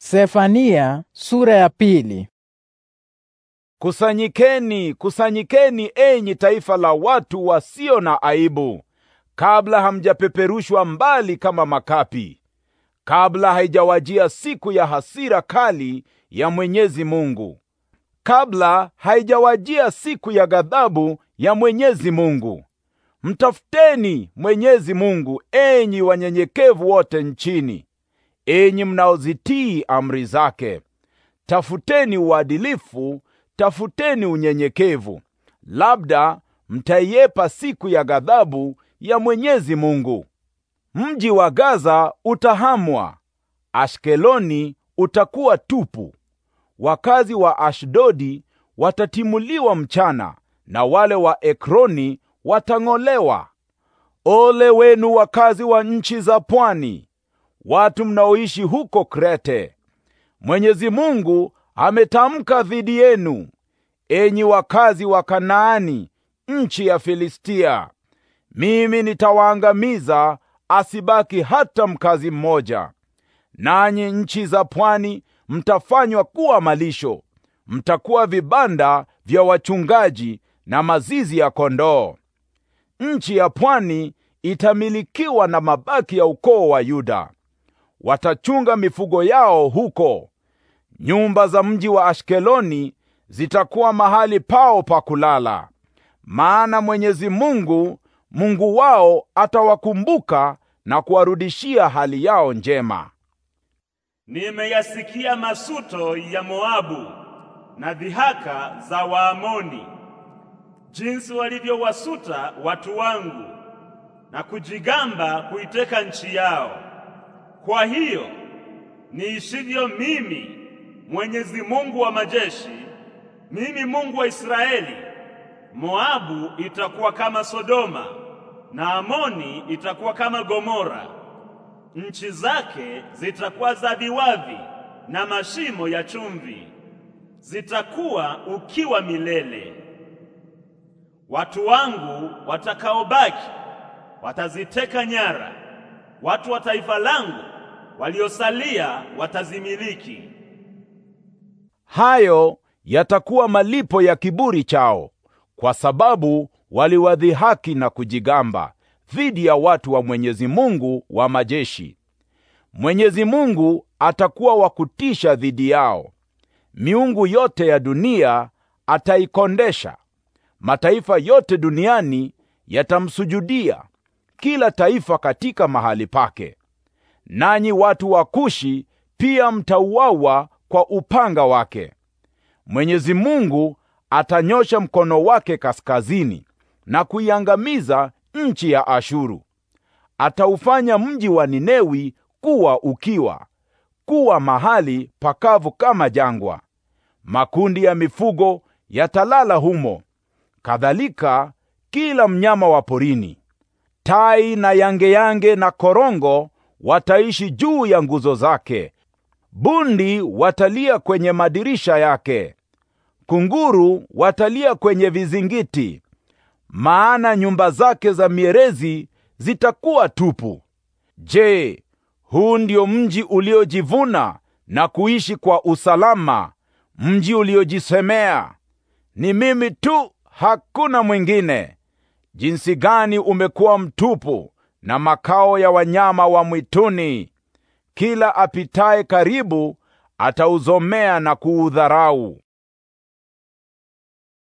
Sefania sura ya pili. Kusanyikeni, kusanyikeni enyi taifa la watu wasio na aibu, kabla hamjapeperushwa mbali kama makapi, kabla haijawajia siku ya hasira kali ya Mwenyezi Mungu, kabla haijawajia siku ya ghadhabu ya Mwenyezi Mungu. Mtafuteni Mwenyezi Mungu, enyi wanyenyekevu wote nchini enyi mnaozitii amri zake. Tafuteni uadilifu, tafuteni unyenyekevu, labda mtaiepa siku ya ghadhabu ya Mwenyezi Mungu. Mji wa Gaza utahamwa, Ashkeloni utakuwa tupu. Wakazi wa Ashdodi watatimuliwa mchana na wale wa Ekroni watang'olewa. Ole wenu wakazi wa nchi za pwani! watu mnaoishi huko Krete. Mwenyezi Mungu ametamka dhidi yenu, enyi wakazi wa Kanaani, nchi ya Filistia. Mimi nitawaangamiza, asibaki hata mkazi mmoja. Nanyi nchi za pwani mtafanywa kuwa malisho, mtakuwa vibanda vya wachungaji na mazizi ya kondoo. Nchi ya pwani itamilikiwa na mabaki ya ukoo wa Yuda watachunga mifugo yao huko. Nyumba za mji wa Ashkeloni zitakuwa mahali pao pa kulala, maana Mwenyezi Mungu Mungu wao atawakumbuka na kuwarudishia hali yao njema. Nimeyasikia masuto ya Moabu na dhihaka za Waamoni, jinsi walivyowasuta watu wangu na kujigamba kuiteka nchi yao. Kwa hiyo niishivyo mimi Mwenyezi Mungu wa majeshi, mimi Mungu wa Israeli, Moabu itakuwa kama Sodoma na Amoni itakuwa kama Gomora. Nchi zake zitakuwa za viwavi na mashimo ya chumvi, zitakuwa ukiwa milele. Watu wangu watakaobaki wataziteka nyara watu wa taifa langu waliosalia watazimiliki. Hayo yatakuwa malipo ya kiburi chao, kwa sababu waliwadhihaki na kujigamba dhidi ya watu wa Mwenyezi Mungu wa majeshi. Mwenyezi Mungu atakuwa wa kutisha dhidi yao. Miungu yote ya dunia ataikondesha. Mataifa yote duniani yatamsujudia, kila taifa katika mahali pake nanyi watu wa Kushi pia mtauawa kwa upanga wake. Mwenyezi Mungu atanyosha mkono wake kaskazini na kuiangamiza nchi ya Ashuru. Ataufanya mji wa Ninewi kuwa ukiwa, kuwa mahali pakavu kama jangwa. Makundi ya mifugo yatalala humo, kadhalika kila mnyama wa porini. Tai na yangeyange yange na korongo wataishi juu ya nguzo zake. Bundi watalia kwenye madirisha yake, kunguru watalia kwenye vizingiti, maana nyumba zake za mierezi zitakuwa tupu. Je, huu ndio mji uliojivuna na kuishi kwa usalama, mji uliojisemea, ni mimi tu, hakuna mwingine? Jinsi gani umekuwa mtupu, na makao ya wanyama wa mwituni. Kila apitaye karibu atauzomea na kuudharau.